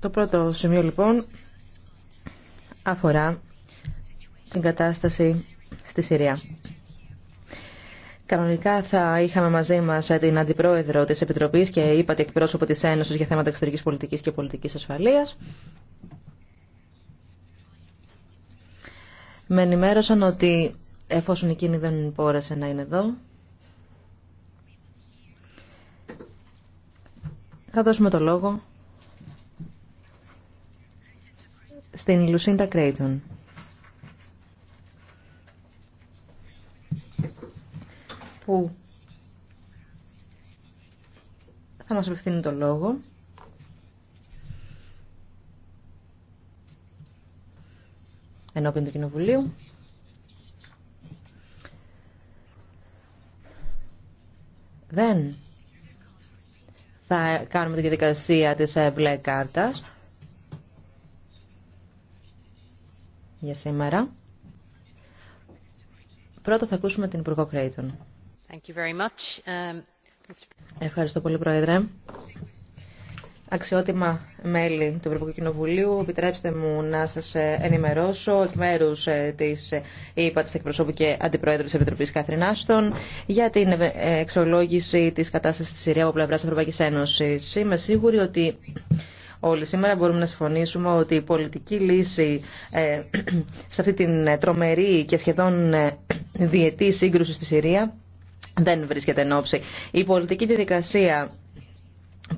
Το πρώτο σημείο λοιπόν αφορά την κατάσταση στη Συρία. Κανονικά θα είχαμε μαζί μα την Αντιπρόεδρο τη Επιτροπή και είπατε εκπρόσωπο τη Ένωση για θέματα εξωτερική πολιτική και πολιτική ασφαλεία. Με ενημέρωσαν ότι εφόσον εκείνη δεν μπόρεσε να είναι εδώ, θα δώσουμε το λόγο στην Λουσίντα Κρέιτον. Που θα μας απευθύνει το λόγο. Ενώπιον του Κοινοβουλίου. Δεν θα κάνουμε τη διαδικασία της ε, μπλε κάρτας. για σήμερα. Πρώτα θα ακούσουμε την Υπουργό Κρέιτον. Um, Ευχαριστώ πολύ, Πρόεδρε. Αξιότιμα μέλη του Ευρωπαϊκού Κοινοβουλίου, επιτρέψτε μου να σα ε, ενημερώσω εκ μέρου ε, τη ΕΥΠΑ, τη εκπροσώπου και αντιπροέδρου τη Επιτροπή Καθρινάστων, για την ε, εξολόγηση τη κατάσταση στη Συρία από πλευρά Ευρωπαϊκή Ένωση. Είμαι σίγουρη ότι όλοι σήμερα μπορούμε να συμφωνήσουμε ότι η πολιτική λύση ε, σε αυτή την ε, τρομερή και σχεδόν ε, διετή σύγκρουση στη Συρία δεν βρίσκεται εν όψη. Η πολιτική διαδικασία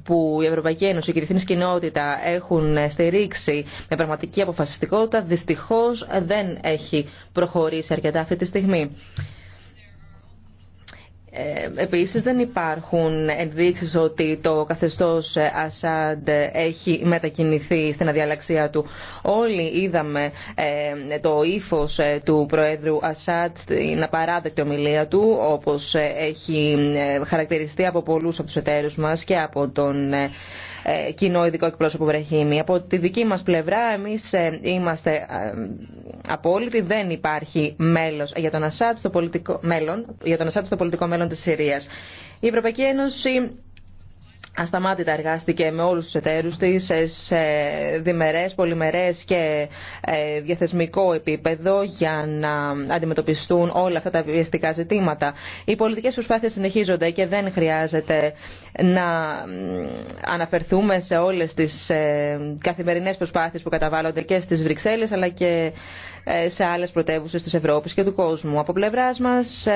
που η Ευρωπαϊκή Ένωση και η διεθνή κοινότητα έχουν στηρίξει με πραγματική αποφασιστικότητα, δυστυχώς δεν έχει προχωρήσει αρκετά αυτή τη στιγμή. Ε, επίσης δεν υπάρχουν ενδείξεις ότι το καθεστώς Ασάντ έχει μετακινηθεί στην αδιαλαξία του. Όλοι είδαμε ε, το ύφος ε, του Προέδρου Ασάντ στην απαράδεκτη ομιλία του, όπως έχει χαρακτηριστεί από πολλούς από τους εταίρους μας και από τον ε, κοινό ειδικό εκπρόσωπο Βρεχίμη. Από τη δική μας πλευρά εμείς ε, είμαστε ε, απόλυτοι, δεν υπάρχει μέλος για τον Ασάτ στο πολιτικό μέλλον, για τον Ασάτ στο πολιτικό μέλλον της Συρίας. Η Ευρωπαϊκή Ένωση ασταμάτητα εργάστηκε με όλους τους εταίρους της σε διμερές, πολυμερές και ε, διαθεσμικό επίπεδο για να αντιμετωπιστούν όλα αυτά τα βιαστικά ζητήματα. Οι πολιτικές προσπάθειες συνεχίζονται και δεν χρειάζεται να αναφερθούμε σε όλες τις ε, καθημερινές προσπάθειες που καταβάλλονται και στις Βρυξέλλες αλλά και ε, σε άλλες πρωτεύουσες της Ευρώπης και του κόσμου. Από πλευράς μας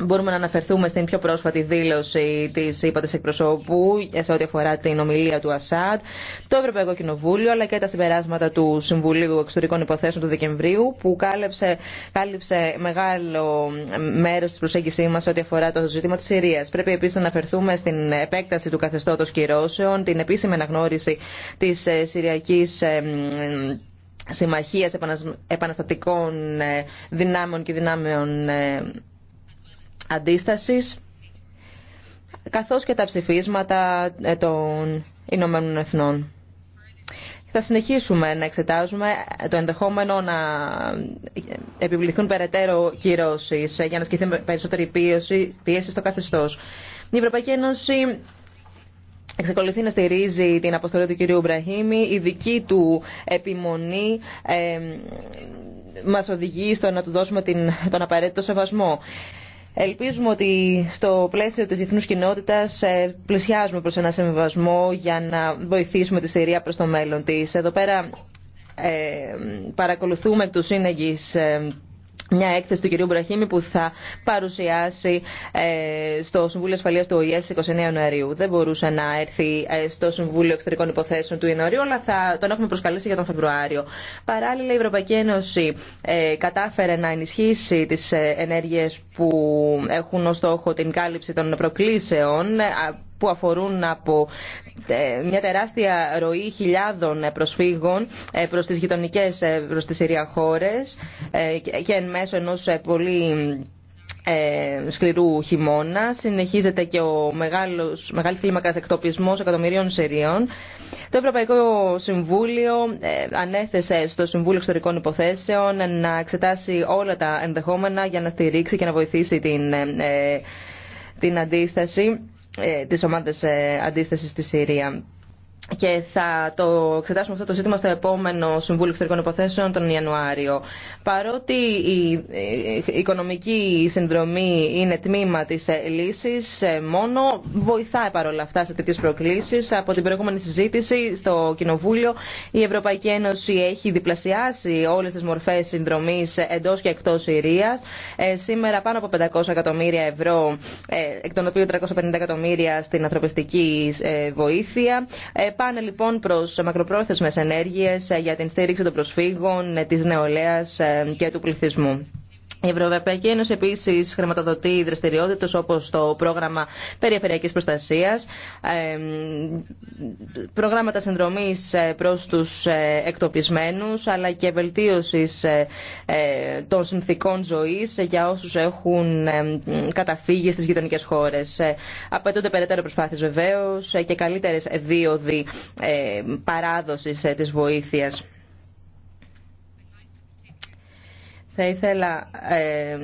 Μπορούμε να αναφερθούμε στην πιο πρόσφατη δήλωση τη ΥΠΑ εκπροσώπου σε ό,τι αφορά την ομιλία του ΑΣΑΤ, το Ευρωπαϊκό Κοινοβούλιο αλλά και τα συμπεράσματα του Συμβουλίου Εξωτερικών Υποθέσεων του Δεκεμβρίου που κάλυψε, κάλυψε μεγάλο μέρο τη προσέγγιση μα σε ό,τι αφορά το ζήτημα τη Συρία. Πρέπει επίση να αναφερθούμε στην επέκταση του καθεστώτο κυρώσεων, την επίσημη αναγνώριση τη ε, Συριακή ε, Συμμαχία Επαναστατικών ε, Δυνάμεων και Δυνάμεων αντίστασης καθώς και τα ψηφίσματα ε, των Ηνωμένων Εθνών. Θα συνεχίσουμε να εξετάζουμε το ενδεχόμενο να ε, επιβληθούν περαιτέρω κυρώσεις ε, για να σκεφτεί περισσότερη πίεση, πίεση στο καθεστώς. Η Ευρωπαϊκή Ένωση εξακολουθεί να στηρίζει την αποστολή του κυρίου Μπραχήμη. Η δική του επιμονή ε, μας οδηγεί στο να του δώσουμε την, τον απαραίτητο σεβασμό. Ελπίζουμε ότι στο πλαίσιο της διεθνούς κοινότητας ε, πλησιάζουμε προς ένα συμβιβασμό για να βοηθήσουμε τη Συρία προς το μέλλον της. Εδώ πέρα ε, παρακολουθούμε τους σύνεγγις. Ε, μια έκθεση του κυρίου Μπραχήμη που θα παρουσιάσει ε, στο Συμβούλιο Ασφαλείας του ΟΗΕ 29 Ιανουαρίου. Δεν μπορούσε να έρθει ε, στο Συμβούλιο Εξωτερικών Υποθέσεων του Ιανουαρίου, αλλά θα τον έχουμε προσκαλέσει για τον Φεβρουάριο. Παράλληλα, η Ευρωπαϊκή Ένωση ε, κατάφερε να ενισχύσει τις ενέργειες που έχουν ως στόχο την κάλυψη των προκλήσεων που αφορούν από ε, μια τεράστια ροή χιλιάδων προσφύγων ε, προς τις γειτονικές, ε, προς τις Συρία χώρες και εν μέσω ενός πολύ σκληρού χειμώνα. Συνεχίζεται και ο μεγάλος, μεγάλης κλίμακας εκτοπισμός εκατομμυρίων Συρίων. Το Ευρωπαϊκό Συμβούλιο ανέθεσε στο Συμβούλιο Εξωτερικών Υποθέσεων να εξετάσει όλα τα ενδεχόμενα για να στηρίξει και να βοηθήσει την, την αντίσταση ε, της ομάδας ε, αντίστασης στη Συρία και θα το εξετάσουμε αυτό το ζήτημα στο επόμενο Συμβούλιο Εξωτερικών Υποθέσεων τον Ιανουάριο. Παρότι η οικονομική συνδρομή είναι τμήμα τη ε, λύση ε, μόνο, βοηθάει παρόλα αυτά σε τέτοιε προκλήσει. Από την προηγούμενη συζήτηση στο Κοινοβούλιο, η Ευρωπαϊκή Ένωση έχει διπλασιάσει όλε τι μορφέ συνδρομή εντό και εκτό Συρία. Ε, σήμερα πάνω από 500 εκατομμύρια ευρώ, εκ των οποίων 350 εκατομμύρια στην ανθρωπιστική βοήθεια Πάνε λοιπόν προ μακροπρόθεσμε ενέργειε ε, για την στήριξη των προσφύγων, ε, τη νεολαία ε, και του πληθυσμού. Η Ευρωπαϊκή Ένωση επίση χρηματοδοτεί δραστηριότητε όπω το πρόγραμμα Περιφερειακή Προστασία, προγράμματα συνδρομή ε, προ του ε, εκτοπισμένου, αλλά και βελτίωση ε, των συνθήκων ζωή για όσου έχουν καταφύγει στι γειτονικέ χώρε. Απαιτούνται περαιτέρω προσπάθειε βεβαίω και καλύτερε δίωδοι παράδοση τη βοήθεια. Θα ήθελα ε,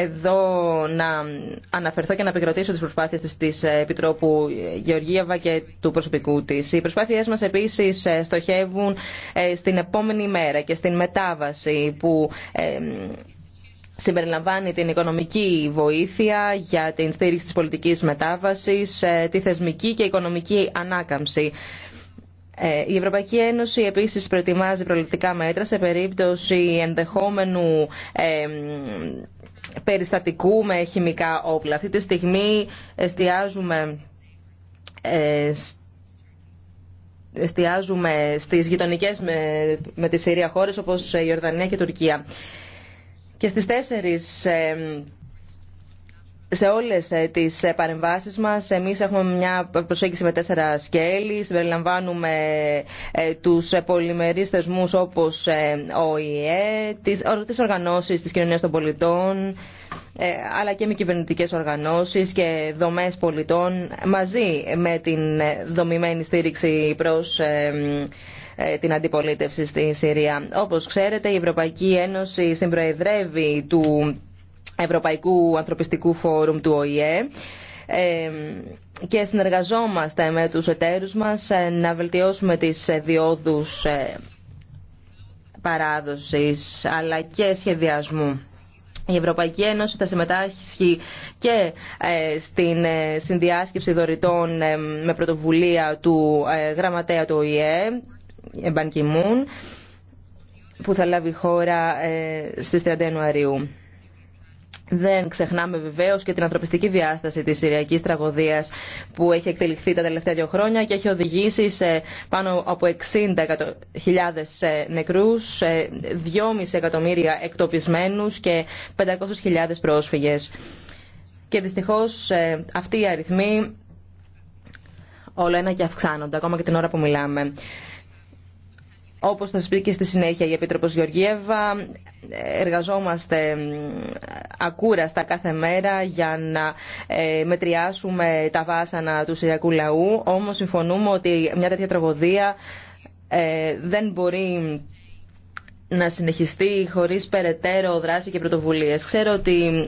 εδώ να αναφερθώ και να επικροτήσω τις προσπάθειες της Επιτρόπου Γεωργίαβα και του προσωπικού της. Οι προσπάθειές μας επίσης ε, στοχεύουν ε, στην επόμενη μέρα και στην μετάβαση που συμπεριλαμβάνει την οικονομική βοήθεια για την στήριξη της πολιτικής μετάβασης, τη θεσμική και οικονομική ανάκαμψη. Ε, η Ευρωπαϊκή Ένωση επίση προετοιμάζει προληπτικά μέτρα σε περίπτωση ενδεχόμενου περιστατικού με χημικά όπλα. Αυτή τη στιγμή εστιάζουμε ε, εστιάζουμε στις γειτονικές με, με τη Συρία χώρες όπως η Ιορδανία και η Τουρκία. Και στις 4 σε όλες ε, τις ε, παρεμβάσεις μας εμείς έχουμε μια προσέγγιση με τέσσερα σκέλη, συμπεριλαμβάνουμε ε, τους πολυμερείς θεσμού όπως ο ΙΕ, τι οργανώσει, της Κοινωνία των πολιτών, αλλά και με κυβερνητικέ οργανώσεις και δομές πολιτών μαζί με την δομημένη στήριξη προς την αντιπολίτευση στη Συρία. Όπως ξέρετε η Ευρωπαϊκή Ένωση συμπροεδρεύει του Ευρωπαϊκού Ανθρωπιστικού Φόρουμ του ΟΗΕ και συνεργαζόμαστε με τους εταίρους μας ε, να βελτιώσουμε τις ε, διόδους ε, παράδοσης αλλά και σχεδιασμού. Η Ευρωπαϊκή Ένωση θα συμμετάσχει και στην συνδιάσκεψη δωρητών με πρωτοβουλία του γραμματέα του ΟΗΕ, Μπαν που θα λάβει χώρα στις 30 Ιανουαρίου. Δεν ξεχνάμε βεβαίω και την ανθρωπιστική διάσταση τη Συριακή τραγωδία που έχει εκτεληχθεί τα τελευταία δύο χρόνια και έχει οδηγήσει σε πάνω από 60.000 νεκρού, 2,5 εκατομμύρια εκτοπισμένου και 500.000 πρόσφυγε. Και δυστυχώ ε, αυτοί οι αριθμοί όλο ένα και αυξάνονται, ακόμα και την ώρα που μιλάμε. Όπως θα σας πει και στη συνέχεια η Επίτροπος Γεωργίευα, εργαζόμαστε ακούραστα κάθε μέρα για να ε, μετριάσουμε τα βάσανα του Συριακού λαού, όμως συμφωνούμε ότι μια τέτοια τραγωδία ε, δεν μπορεί να συνεχιστεί χωρίς περαιτέρω δράση και πρωτοβουλίες. Ξέρω ότι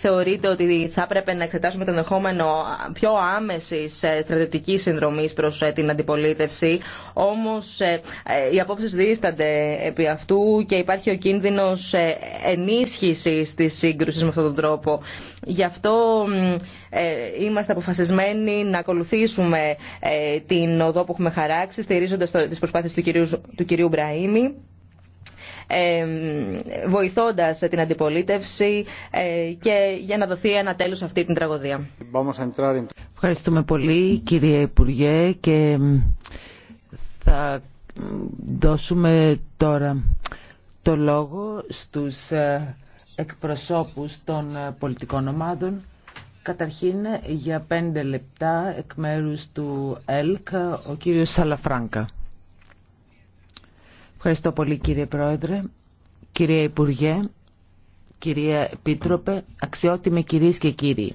θεωρείτε ότι θα έπρεπε να εξετάσουμε το ενδεχόμενο πιο άμεση ε, στρατιωτική συνδρομή προ ε, την αντιπολίτευση. Όμω ε, οι απόψει δίστανται επί αυτού και υπάρχει ο κίνδυνο ενίσχυση τη σύγκρουση με αυτόν τον τρόπο. Γι' αυτό είμαστε αποφασισμένοι να ακολουθήσουμε την οδό που έχουμε χαράξει, στηρίζοντα τι προσπάθειε του κυρίου Μπραήμι βοηθώντας την αντιπολίτευση ε, και για να δοθεί ένα τέλος σε αυτή την τραγωδία. Ευχαριστούμε πολύ κύριε Υπουργέ και θα δώσουμε τώρα το λόγο στους ε, εκπροσώπους των ε, πολιτικών ομάδων. Καταρχήν για πέντε λεπτά εκ μέρους του ΕΛΚ ο κύριος Σαλαφράγκα. Ευχαριστώ πολύ κύριε Πρόεδρε, κυρία Υπουργέ, κυρία Επίτροπε, αξιότιμε κυρίες και κύριοι.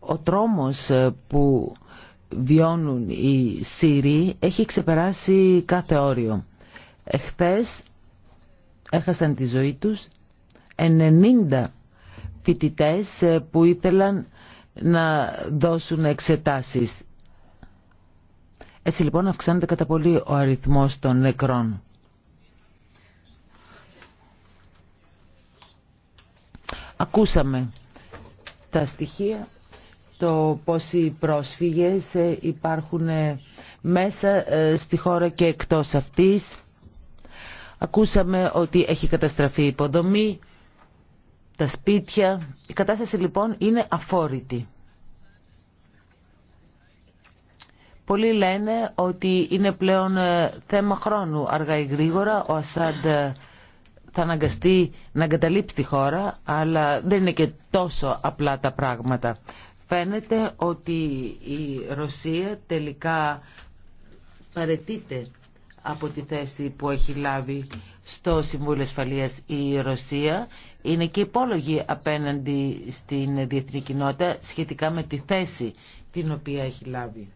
Ο τρόμος ε, που βιώνουν οι Σύριοι έχει ξεπεράσει κάθε όριο. Εχθές έχασαν τη ζωή τους 90 φοιτητέ ε, που ήθελαν να δώσουν εξετάσεις. Έτσι λοιπόν αυξάνεται κατά πολύ ο αριθμός των νεκρών. Ακούσαμε τα στοιχεία, το πόσοι πρόσφυγες ε, υπάρχουν ε, μέσα ε, στη χώρα και εκτός αυτής. Ακούσαμε ότι έχει καταστραφεί η υποδομή, τα σπίτια. Η κατάσταση λοιπόν είναι αφόρητη. Πολλοί λένε ότι είναι πλέον θέμα χρόνου. Αργά ή γρήγορα ο Ασάντ θα αναγκαστεί να εγκαταλείψει τη χώρα, αλλά δεν είναι και τόσο απλά τα πράγματα. Φαίνεται ότι η Ρωσία τελικά παρετείται από τη θέση που έχει λάβει στο Συμβούλιο Ασφαλείας η Ρωσία. Είναι και υπόλογη απέναντι στην διεθνή κοινότητα σχετικά με τη θέση την οποία έχει λάβει.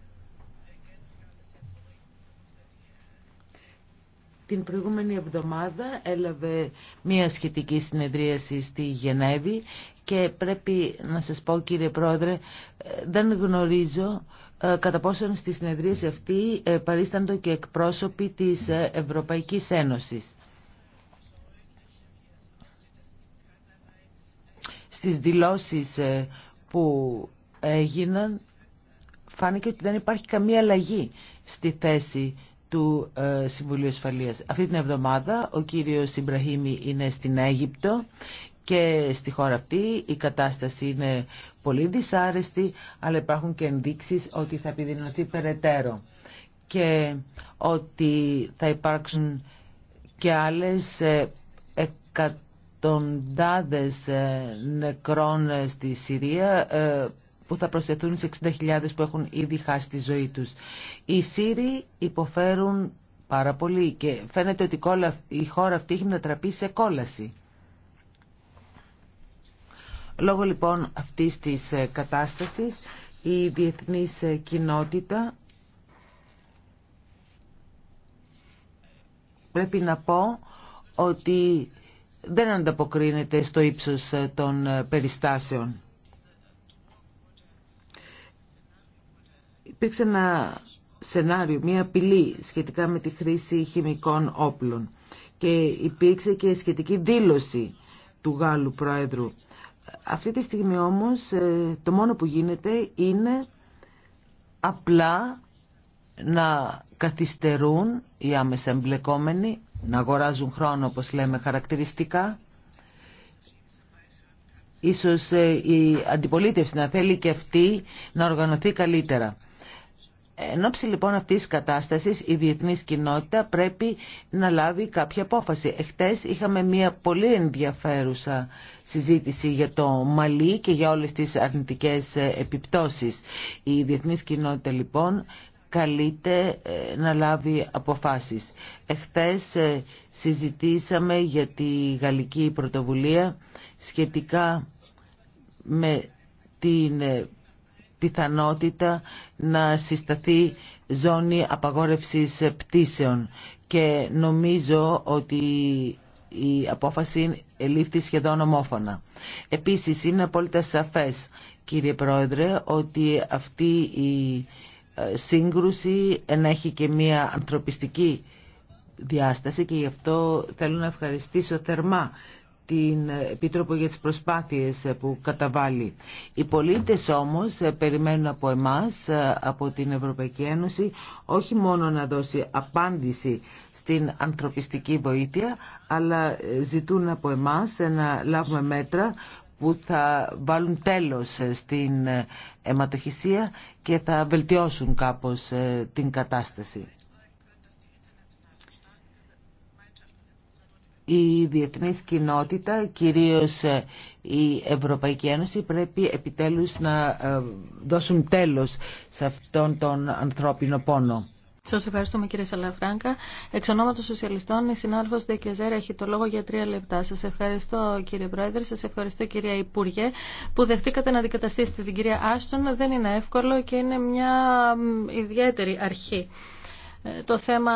Την προηγούμενη εβδομάδα έλαβε μία σχετική συνεδρίαση στη Γενέβη και πρέπει να σας πω κύριε Πρόεδρε, δεν γνωρίζω ε, κατά πόσον στη συνεδρίαση αυτή ε, παρίσταντο και εκπρόσωποι της ε, Ευρωπαϊκής Ένωσης. Στις δηλώσεις που έγιναν φάνηκε ότι δεν υπάρχει καμία αλλαγή στη θέση του ε, Συμβουλίου Ασφαλείας. Αυτή την εβδομάδα ο κύριος Ιμπραχήμι είναι στην Αίγυπτο και στη χώρα αυτή η κατάσταση είναι πολύ δυσάρεστη, αλλά υπάρχουν και ενδείξεις ότι θα επιδεινωθεί περαιτέρω και ότι θα υπάρξουν και άλλες ε, εκατοντάδες ε, νεκρών στη Συρία που θα προσθεθούν στις 60.000 που έχουν ήδη χάσει τη ζωή τους. Οι Σύριοι υποφέρουν πάρα πολύ και φαίνεται ότι η χώρα αυτή έχει μετατραπεί σε κόλαση. Λόγω λοιπόν αυτής της ε, κατάστασης η διεθνής ε, κοινότητα πρέπει να πω ότι δεν ανταποκρίνεται στο ύψος ε, των περιστάσεων. υπήρξε ένα σενάριο, μια απειλή σχετικά με τη χρήση χημικών όπλων και υπήρξε και σχετική δήλωση του Γάλλου Πρόεδρου. Αυτή τη στιγμή όμως ε, το μόνο που γίνεται είναι απλά να καθυστερούν οι άμεσα εμπλεκόμενοι, να αγοράζουν χρόνο όπως λέμε χαρακτηριστικά. Ίσως ε, η αντιπολίτευση να θέλει και αυτή να οργανωθεί καλύτερα. Εν ώψη λοιπόν αυτής τη κατάστασης η διεθνή κοινότητα πρέπει να λάβει κάποια απόφαση. Εχθέ είχαμε μια πολύ ενδιαφέρουσα συζήτηση για το Μαλί και για όλες τις αρνητικές ε, επιπτώσεις. Η διεθνής κοινότητα λοιπόν καλείται ε, να λάβει αποφάσεις. Εχθές ε, συζητήσαμε για τη γαλλική πρωτοβουλία σχετικά με την πιθανότητα να συσταθεί ζώνη απαγόρευσης πτήσεων και νομίζω ότι η απόφαση ελήφθη σχεδόν ομόφωνα. Επίσης είναι απόλυτα σαφές κύριε Πρόεδρε ότι αυτή η ε, σύγκρουση ενέχει και μία ανθρωπιστική διάσταση και γι' αυτό θέλω να ευχαριστήσω θερμά την Επίτροπο για τις προσπάθειες που καταβάλει. Οι πολίτες όμως περιμένουν από εμάς, από την Ευρωπαϊκή Ένωση, όχι μόνο να δώσει απάντηση στην ανθρωπιστική βοήθεια, αλλά ζητούν από εμάς να λάβουμε μέτρα που θα βάλουν τέλος στην αιματοχυσία και θα βελτιώσουν κάπως ε, την κατάσταση. η διεθνής κοινότητα, κυρίως ε, η Ευρωπαϊκή Ένωση, πρέπει επιτέλους να ε, δώσουν τέλος σε αυτόν τον ανθρώπινο πόνο. Σας ευχαριστούμε κύριε Σαλαφράγκα. Εξ ονόματος Σοσιαλιστών, η συνάδελφος Δεκεζέρα έχει το λόγο για τρία λεπτά. Σας ευχαριστώ κύριε Πρόεδρε, σας ευχαριστώ κυρία Υπουργέ που δεχτήκατε να αντικαταστήσετε την κυρία Άστον. Δεν είναι εύκολο και είναι μια ιδιαίτερη αρχή το θέμα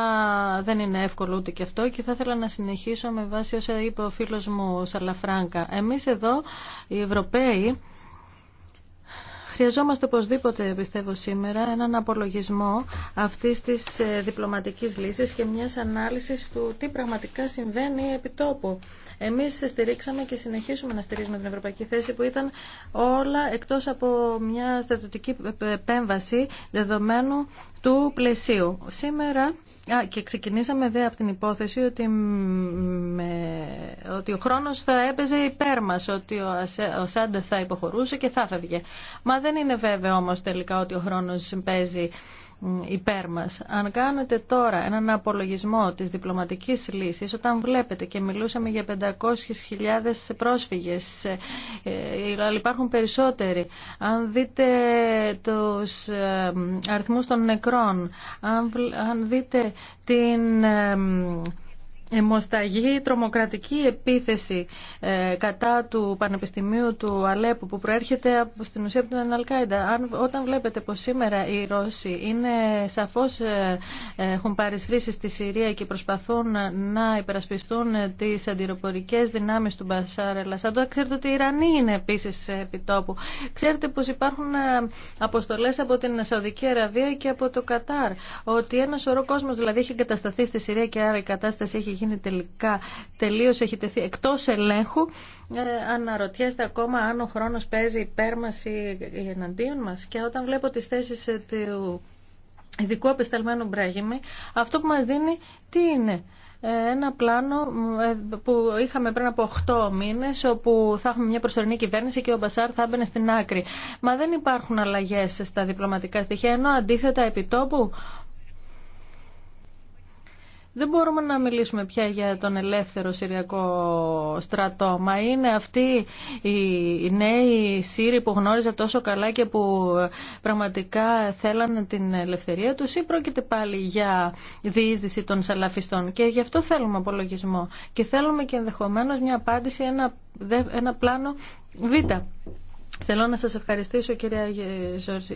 δεν είναι εύκολο ούτε και αυτό και θα ήθελα να συνεχίσω με βάση όσα είπε ο φίλος μου Σαλαφράγκα. Εμείς εδώ, οι Ευρωπαίοι, Χρειαζόμαστε οπωσδήποτε, πιστεύω σήμερα, έναν απολογισμό αυτή της ε, διπλωματική λύση και μια ανάλυση του τι πραγματικά συμβαίνει επί τόπου. Εμείς στηρίξαμε και συνεχίσουμε να στηρίζουμε την ευρωπαϊκή θέση που ήταν όλα εκτός από μια στρατιωτική ε, επέμβαση δεδομένου του πλαισίου. Σήμερα α, και ξεκινήσαμε δε από την υπόθεση ότι, με, ότι ο χρόνος θα έπαιζε υπέρ μας, ότι ο, ο Σάντε θα υποχωρούσε και θα φεύγε. Μα δεν είναι βέβαιο όμως τελικά ότι ο χρόνος παίζει υπέρ μας. Αν κάνετε τώρα έναν απολογισμό της διπλωματικής λύσης, όταν βλέπετε και μιλούσαμε για 500.000 πρόσφυγες, ε, ε, αλλά υπάρχουν περισσότεροι, αν δείτε τους ε, αριθμούς των νεκρών, αν δείτε την Εμοσταγή τρομοκρατική επίθεση ε, κατά του Πανεπιστημίου του Αλέπου που προέρχεται στην ουσία από την Αλκάιντα. όταν βλέπετε πως σήμερα οι Ρώσοι είναι σαφώς ε, ε, έχουν πάρει στη Συρία και προσπαθούν να υπερασπιστούν τις αντιροπορικές δυνάμεις του Μπασάρ Ελασάντο, ξέρετε ότι οι Ιρανοί είναι επίσης επιτόπου. Ξέρετε πως υπάρχουν αποστολές από την Σαουδική Αραβία και από το Κατάρ. Ότι ένα σωρό κόσμος δηλαδή έχει εγκατασταθεί στη Συρία και άρα η κατάσταση έχει είναι τελικά τελείως έχει τεθεί εκτός ελέγχου ε, αναρωτιέστε ακόμα αν ο χρόνος παίζει υπέρ μας ή εναντίον μας και όταν βλέπω τις θέσεις ε, του ειδικού απεσταλμένου Μπρέγιμη, αυτό που μας δίνει τι είναι ε, ένα πλάνο που είχαμε πριν από 8 μήνες, όπου θα έχουμε μια προσωρινή κυβέρνηση και ο Μπασάρ θα έμπαινε στην άκρη. Μα δεν υπάρχουν αλλαγές στα διπλωματικά στοιχεία, ενώ αντίθετα επιτόπου δεν μπορούμε να μιλήσουμε πια για τον ελεύθερο Συριακό στρατό. Μα είναι αυτοί οι νέοι σύριοι που γνώριζα τόσο καλά και που πραγματικά θέλανε την ελευθερία τους ή πρόκειται πάλι για διείσδυση των σαλαφιστών. Και γι' αυτό θέλουμε απολογισμό. Και θέλουμε και ενδεχομένως μια απάντηση, ένα, ένα πλάνο β. Θέλω να σας ευχαριστήσω κυρία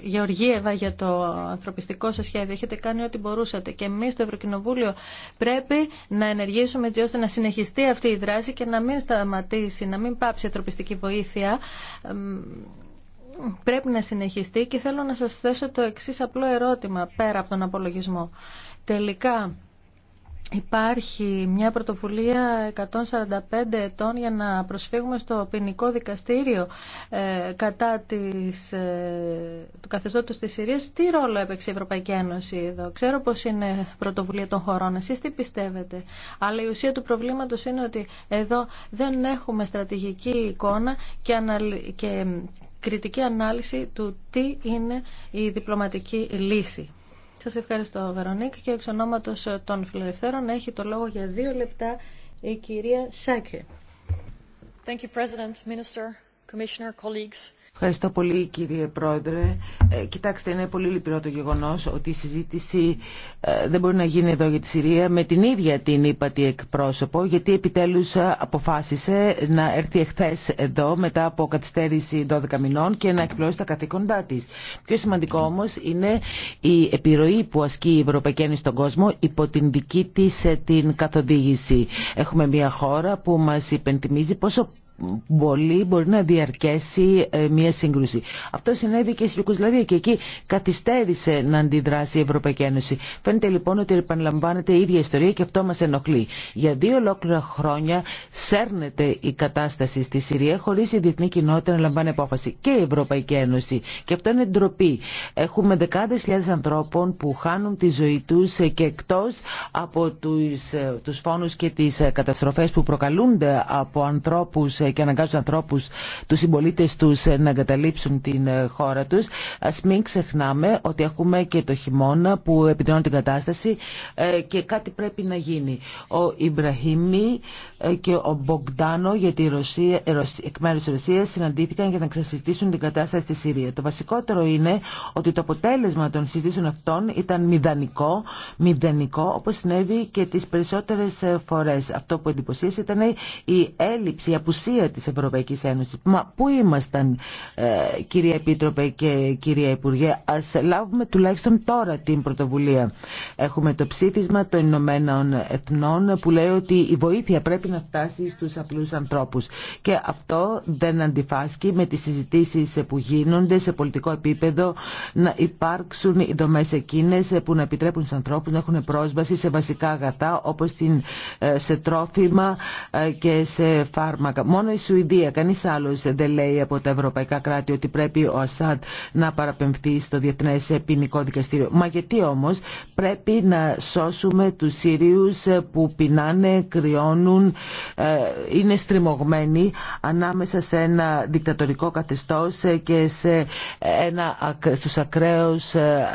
Γεωργίευα για το ανθρωπιστικό σας σχέδιο. Έχετε κάνει ό,τι μπορούσατε και εμείς στο Ευρωκοινοβούλιο πρέπει να ενεργήσουμε έτσι ώστε να συνεχιστεί αυτή η δράση και να μην σταματήσει, να μην πάψει η ανθρωπιστική βοήθεια πρέπει να συνεχιστεί και θέλω να σας θέσω το εξής απλό ερώτημα πέρα από τον απολογισμό. Τελικά, Υπάρχει μια πρωτοβουλία 145 ετών για να προσφύγουμε στο ποινικό δικαστήριο ε, κατά της, ε, του καθεστώτος της Συρίας. Τι ρόλο έπαιξε η Ευρωπαϊκή Ένωση εδώ. Ξέρω πως είναι πρωτοβουλία των χωρών. Εσείς τι πιστεύετε. Αλλά η ουσία του προβλήματος είναι ότι εδώ δεν έχουμε στρατηγική εικόνα και, και κριτική ανάλυση του τι είναι η διπλωματική λύση. Σας ευχαριστώ Βερονίκ και εξ ονόματος ε, των φιλελευθέρων έχει το λόγο για δύο λεπτά η κυρία Σάκε. Thank you, President, Minister, Commissioner, colleagues. Ευχαριστώ πολύ κύριε Πρόεδρε. Ε, κοιτάξτε, είναι πολύ λυπηρό το γεγονός ότι η συζήτηση ε, δεν μπορεί να γίνει εδώ για τη Συρία με την ίδια την ύπατη εκπρόσωπο, γιατί επιτέλους ε, αποφάσισε να έρθει εχθές εδώ μετά από καθυστέρηση 12 μηνών και να εκπληρώσει τα καθήκοντά της. Πιο σημαντικό όμως είναι η επιρροή που ασκεί η Ευρωπαϊκή Ένωση στον κόσμο υπό την δική της την καθοδήγηση. Έχουμε μια χώρα που μας υπενθυμίζει πόσο πολύ μπορεί να διαρκέσει ε, μια σύγκρουση. Αυτό συνέβη και στη Ιουκοσλαβία και εκεί καθυστέρησε να αντιδράσει η Ευρωπαϊκή Ένωση. Φαίνεται λοιπόν ότι επαναλαμβάνεται η ίδια ιστορία και αυτό μας ενοχλεί. Για δύο ολόκληρα χρόνια σέρνεται η κατάσταση στη Συρία χωρίς η διεθνή κοινότητα να λαμβάνει απόφαση και η Ευρωπαϊκή Ένωση. Και αυτό είναι ντροπή. Έχουμε δεκάδες χιλιάδες ανθρώπων που χάνουν τη ζωή τους ε, και εκτό από τους, ε, τους φόνους και τις καταστροφές που προκαλούνται από ανθρώπους και αναγκάζουν ανθρώπους, τους συμπολίτε τους ε, να εγκαταλείψουν την ε, χώρα τους. Ας μην ξεχνάμε ότι έχουμε και το χειμώνα που επιδρώνει την κατάσταση ε, και κάτι πρέπει να γίνει. Ο Ιμπραχήμι και ο Μπογκδάνο για τη Ρωσία, εκ μέρους Ρωσίας συναντήθηκαν για να ξασυζητήσουν την κατάσταση στη Συρία. Το βασικότερο είναι ότι το αποτέλεσμα των συζητήσεων αυτών ήταν μηδανικό, μηδενικό όπως συνέβη και τις περισσότερες φορές. Αυτό που εντυπωσίασε ήταν η έλλειψη, η Τη της Ευρωπαϊκής Ένωσης. Μα πού ήμασταν ε, κυρία Επίτροπε και κυρία Υπουργέ. Ας λάβουμε τουλάχιστον τώρα την πρωτοβουλία. Έχουμε το ψήφισμα των Ηνωμένων Εθνών που λέει ότι η βοήθεια πρέπει να φτάσει στους απλούς ανθρώπους. Και αυτό δεν αντιφάσκει με τις συζητήσεις που γίνονται σε πολιτικό επίπεδο να υπάρξουν οι δομές εκείνες που να επιτρέπουν στους ανθρώπους να έχουν πρόσβαση σε βασικά αγαθά όπως ε, σε τρόφιμα ε, και σε φάρμακα. Μόνο η Σουηδία, κανείς άλλος δεν λέει από τα ευρωπαϊκά κράτη ότι πρέπει ο Ασάντ να παραπεμφθεί στο Διεθνές Ποινικό Δικαστήριο. Μα γιατί όμως πρέπει να σώσουμε τους Σύριους που πεινάνε, κρυώνουν, ε, είναι στριμωγμένοι ανάμεσα σε ένα δικτατορικό καθεστώς και σε ένα, στους ακραίους ε,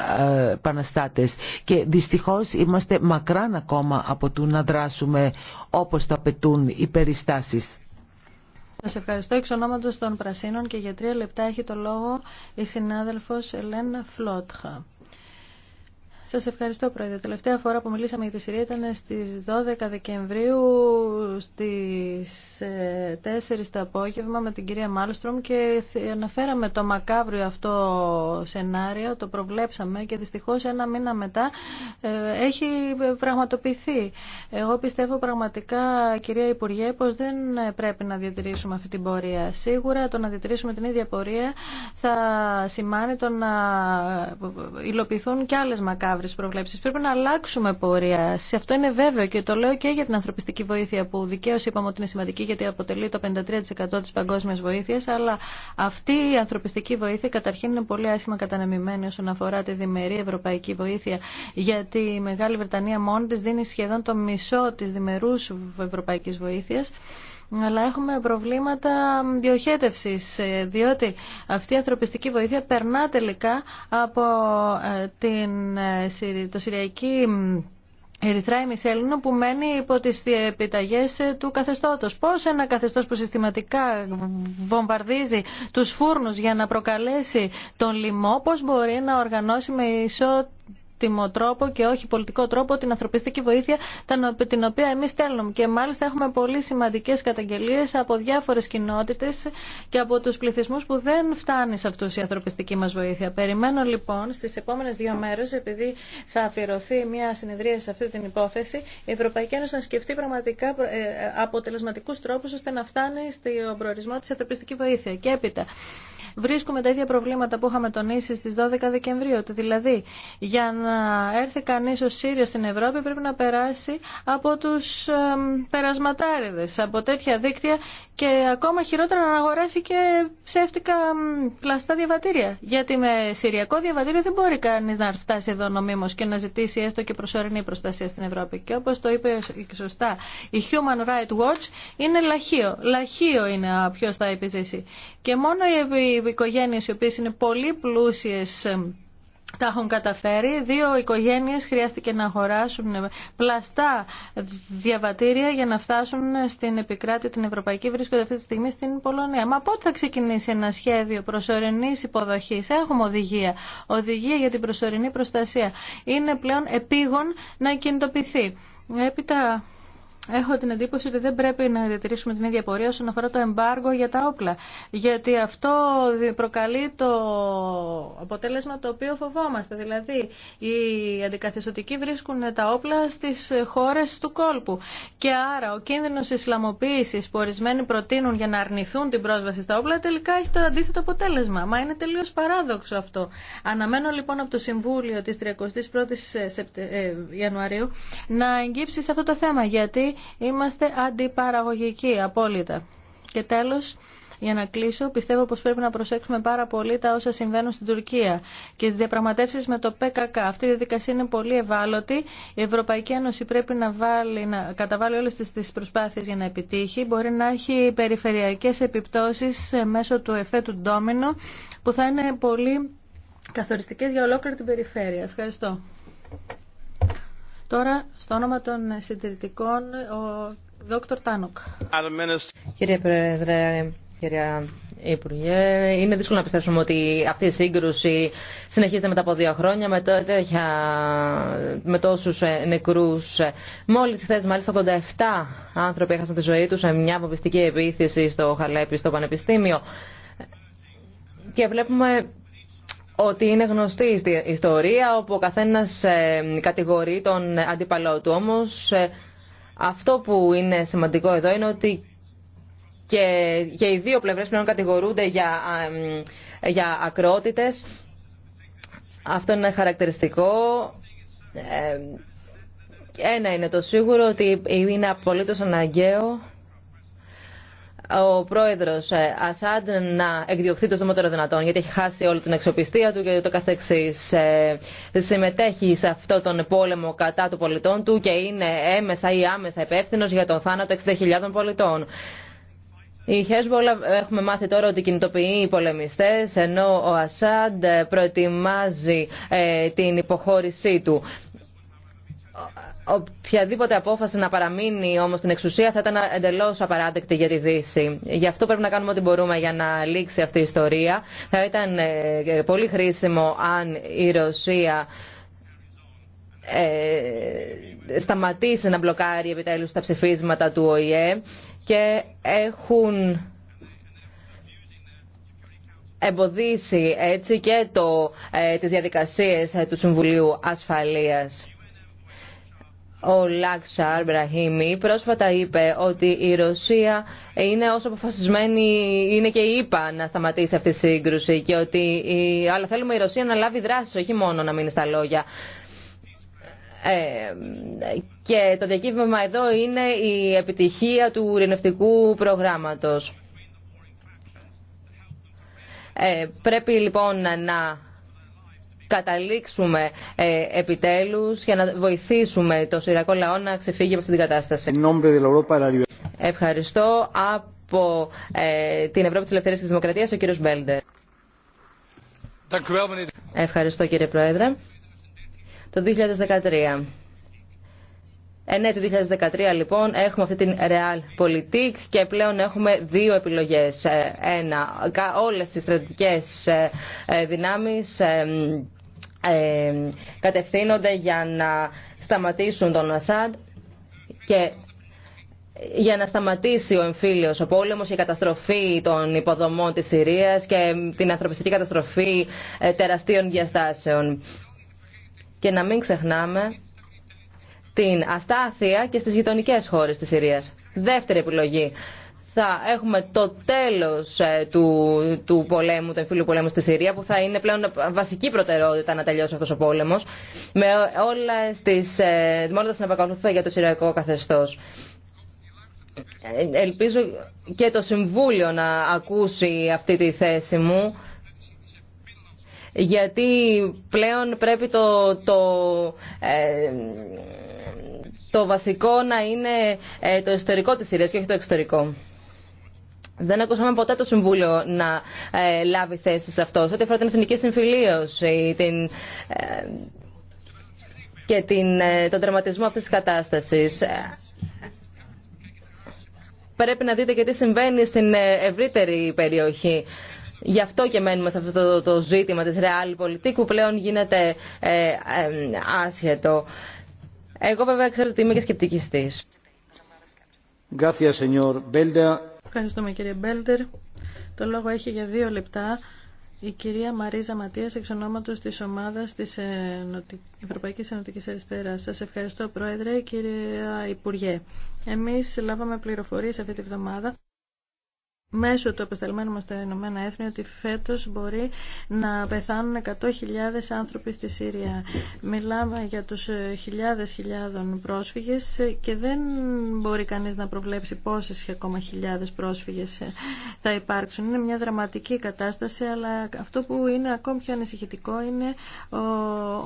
ε, παναστάτες. Και δυστυχώς είμαστε μακράν ακόμα από το να δράσουμε όπως το απαιτούν οι περιστάσεις. Σα ευχαριστώ εξ ονόματο των Πρασίνων και για τρία λεπτά έχει το λόγο η συνάδελφο Ελένα Φλότχα. Σας ευχαριστώ, Πρόεδρε. Τελευταία φορά που μιλήσαμε για τη Συρία ήταν στις 12 Δεκεμβρίου στις 4 ε, το απόγευμα με την κυρία Μάλστρομ και αναφέραμε το μακάβριο αυτό σενάριο, το προβλέψαμε και δυστυχώς ένα μήνα μετά ε, έχει πραγματοποιηθεί. Εγώ πιστεύω πραγματικά, κυρία Υπουργέ, πω δεν πρέπει να διατηρήσουμε αυτή την πορεία. Σίγουρα το να διατηρήσουμε την ίδια πορεία θα σημάνει το να υλοποιηθούν και άλλε μακάβριε προβλέψει. Πρέπει να αλλάξουμε πορεία. Σε αυτό είναι βέβαιο και το λέω και για την ανθρωπιστική βοήθεια που δικαίω είπαμε ότι είναι σημαντική γιατί αποτελεί το 53% τη παγκόσμια βοήθεια. Αλλά αυτή η ανθρωπιστική βοήθεια καταρχήν είναι πολύ άσχημα κατανεμημένη όσον αφορά τη διμερή ευρωπαϊκή βοήθεια. Γιατί η Μεγάλη Βρετανία μόνη τη δίνει σχεδόν το μισό τη διμερού ευρωπαϊκή βοήθεια αλλά έχουμε προβλήματα διοχέτευσης, ε, διότι αυτή η ανθρωπιστική βοήθεια περνά τελικά από ε, την, ε, το Συριακή Ερυθράη που μένει υπό τις επιταγές του καθεστώτος. Πώς ένα καθεστώς που συστηματικά βομβαρδίζει τους φούρνους για να προκαλέσει τον λοιμό, πώς μπορεί να οργανώσει με ισότητα και όχι πολιτικό τρόπο την ανθρωπιστική βοήθεια την οποία εμείς στέλνουμε. Και μάλιστα έχουμε πολύ σημαντικές καταγγελίες από διάφορες κοινότητες και από τους πληθυσμούς που δεν φτάνει σε αυτούς η ανθρωπιστική μας βοήθεια. Περιμένω λοιπόν στις επόμενες δύο μέρες, επειδή θα αφιερωθεί μια συνεδρία σε αυτή την υπόθεση, η Ευρωπαϊκή Ένωση να σκεφτεί πραγματικά ε, αποτελεσματικούς τρόπους ώστε να φτάνει στον προορισμό της ανθρωπιστική βοήθεια. Και έπειτα, βρίσκουμε τα ίδια προβλήματα που είχαμε τονίσει στις 12 Δεκεμβρίου. Δηλαδή, για να έρθει κανείς ο Σύριος στην Ευρώπη πρέπει να περάσει από τους περασματάριδες, από τέτοια δίκτυα και ακόμα χειρότερα να αγοράσει και ψεύτικα πλαστά διαβατήρια. Γιατί με συριακό διαβατήριο δεν μπορεί κανεί να φτάσει εδώ νομίμω και να ζητήσει έστω και προσωρινή προστασία στην Ευρώπη. Και όπω το είπε σωστά η Human Rights Watch, είναι λαχείο. Λαχείο είναι ποιο θα επιζήσει. Και μόνο οι οικογένειε οι οποίε είναι πολύ πλούσιε τα έχουν καταφέρει. Δύο οικογένειες χρειάστηκε να αγοράσουν πλαστά διαβατήρια για να φτάσουν στην επικράτεια την Ευρωπαϊκή. Βρίσκονται αυτή τη στιγμή στην Πολωνία. Μα πότε θα ξεκινήσει ένα σχέδιο προσωρινή υποδοχή. Έχουμε οδηγία. Οδηγία για την προσωρινή προστασία. Είναι πλέον επίγον να κινητοποιηθεί. Έχω την εντύπωση ότι δεν πρέπει να διατηρήσουμε την ίδια πορεία όσον αφορά το εμπάργο για τα όπλα. Γιατί αυτό προκαλεί το αποτέλεσμα το οποίο φοβόμαστε. Δηλαδή, οι αντικαθεστοτικοί βρίσκουν τα όπλα στι χώρε του κόλπου. Και άρα ο κίνδυνο ισλαμοποίηση που ορισμένοι προτείνουν για να αρνηθούν την πρόσβαση στα όπλα τελικά έχει το αντίθετο αποτέλεσμα. Μα είναι τελείω παράδοξο αυτό. Αναμένω λοιπόν από το Συμβούλιο τη 31 η Ιανουαρίου να εγγύψει σε αυτό το θέμα, γιατί είμαστε αντιπαραγωγικοί απόλυτα. Και τέλος, για να κλείσω, πιστεύω πως πρέπει να προσέξουμε πάρα πολύ τα όσα συμβαίνουν στην Τουρκία και τι διαπραγματεύσεις με το ΠΚΚ. Αυτή η διαδικασία είναι πολύ ευάλωτη. Η Ευρωπαϊκή Ένωση πρέπει να, βάλει, να καταβάλει όλες τις, τις προσπάθειες για να επιτύχει. Μπορεί να έχει περιφερειακές επιπτώσεις μέσω του του ντόμινο που θα είναι πολύ καθοριστικές για ολόκληρη την περιφέρεια. Ευχαριστώ. Τώρα, στο όνομα των συντηρητικών, ο Δόκτωρ Τάνοκ. Κύριε Πρόεδρε, κυρία Υπουργέ, είναι δύσκολο να πιστέψουμε ότι αυτή η σύγκρουση συνεχίζεται μετά από δύο χρόνια με, το, τέτοια, με τόσους ε, νεκρούς. Μόλις χθε μάλιστα 87 άνθρωποι έχασαν τη ζωή τους σε μια βομβιστική επίθεση στο Χαλέπι, στο Πανεπιστήμιο. Και βλέπουμε ότι είναι γνωστή η ιστορία όπου ο καθένας ε, κατηγορεί τον αντίπαλό του. Όμως ε, αυτό που είναι σημαντικό εδώ είναι ότι και, και οι δύο πλευρές πλέον κατηγορούνται για, για ακρότητες. Αυτό είναι χαρακτηριστικό. Ε, ένα είναι το σίγουρο ότι είναι απολύτως αναγκαίο ο πρόεδρο ε, Ασάντ να εκδιωχθεί το ζωμότερο δυνατόν γιατί έχει χάσει όλη την εξοπιστία του και το καθεξή. Ε, συμμετέχει σε αυτόν τον πόλεμο κατά του πολιτών του και είναι έμεσα ή άμεσα υπεύθυνο για τον θάνατο 60.000 πολιτών. Η Χέσβολα ε, έχουμε μάθει τώρα ότι κινητοποιεί οι πολεμιστές ενώ ο Ασάντ προετοιμάζει την υποχώρησή του. Οποιαδήποτε απόφαση να παραμείνει όμως στην εξουσία θα ήταν εντελώς απαράδεκτη για τη Δύση. Γι' αυτό πρέπει να κάνουμε ό,τι μπορούμε για να λήξει αυτή η ιστορία. Θα ήταν ε, πολύ χρήσιμο αν η Ρωσία ε, σταματήσει να μπλοκάρει επιτέλους τα ψηφίσματα του ΟΗΕ και έχουν εμποδίσει έτσι και το, ε, τις διαδικασίες ε, του Συμβουλίου Ασφαλείας. Ο Λάξαρ Μπραχήμι πρόσφατα είπε ότι η Ρωσία είναι όσο αποφασισμένη είναι και η να σταματήσει αυτή η σύγκρουση και ότι αλλά θέλουμε η Ρωσία να λάβει δράση, όχι μόνο να μείνει στα λόγια. Ε, και το διακύβευμα εδώ είναι η επιτυχία του ειρηνευτικού προγράμματος. Ε, πρέπει λοιπόν να καταλήξουμε ε, επιτέλους για να βοηθήσουμε το Συριακό λαό να ξεφύγει από αυτή την κατάσταση. Ευχαριστώ από ε, την Ευρώπη της Ελευθερίας και της Δημοκρατίας, ο κύριος Μπέλντερ. Ευχαριστώ κύριε Πρόεδρε. Το 2013. Ε, ναι, το 2013 λοιπόν έχουμε αυτή την Real Politik και πλέον έχουμε δύο επιλογές. Ε, ένα, όλες οι στρατιωτικές ε, δυνάμεις ε, κατευθύνονται για να σταματήσουν τον Ασάντ και για να σταματήσει ο εμφύλιος ο πόλεμος και η καταστροφή των υποδομών της Συρίας και την ανθρωπιστική καταστροφή ε, τεραστίων διαστάσεων. Και να μην ξεχνάμε την αστάθεια και στις γειτονικές χώρες της Συρίας. Δεύτερη επιλογή θα έχουμε το τέλος ε, του, του πολέμου, του εμφύλου πολέμου στη Συρία, που θα είναι πλέον βασική προτεραιότητα να τελειώσει αυτός ο πόλεμος, με όλα τις, ε, να για το Συριακό καθεστώς. Ε, ελπίζω και το Συμβούλιο να ακούσει αυτή τη θέση μου, γιατί πλέον πρέπει το, το, ε, το βασικό να είναι το εσωτερικό της Συρίας και όχι το εξωτερικό. Δεν ακούσαμε ποτέ το Συμβούλιο να ε, λάβει θέση σε αυτό. Σε ό,τι αφορά την εθνική συμφιλίωση την, ε, και την, ε, τον τερματισμό αυτής της κατάστασης. Πρέπει να δείτε και τι συμβαίνει στην ευρύτερη περιοχή. Γι' αυτό και μένουμε σε αυτό το, ζήτημα της ρεάλ πολιτικού που πλέον γίνεται άσχετο. Εγώ βέβαια ξέρω ότι είμαι και σκεπτικιστής. Ευχαριστούμε κύριε Μπέλτερ. Το λόγο έχει για δύο λεπτά η κυρία Μαρίζα Ματίας, εξ ονόματος της ομάδας της Ευρωπαϊκής Ενωτικής Αριστεράς. Σας ευχαριστώ Πρόεδρε, κύριε Υπουργέ. Εμείς λάβαμε πληροφορίες αυτή τη βδομάδα μέσω του απεσταλμένου μας στα Ηνωμένα Έθνη ότι φέτος μπορεί να πεθάνουν 100.000 άνθρωποι στη Συρία. Μιλάμε για τους ε, χιλιάδες χιλιάδων πρόσφυγες και δεν μπορεί κανείς να προβλέψει πόσες ακόμα χιλιάδες πρόσφυγες ε, θα υπάρξουν. Είναι μια δραματική κατάσταση, αλλά αυτό που είναι ακόμη πιο ανησυχητικό είναι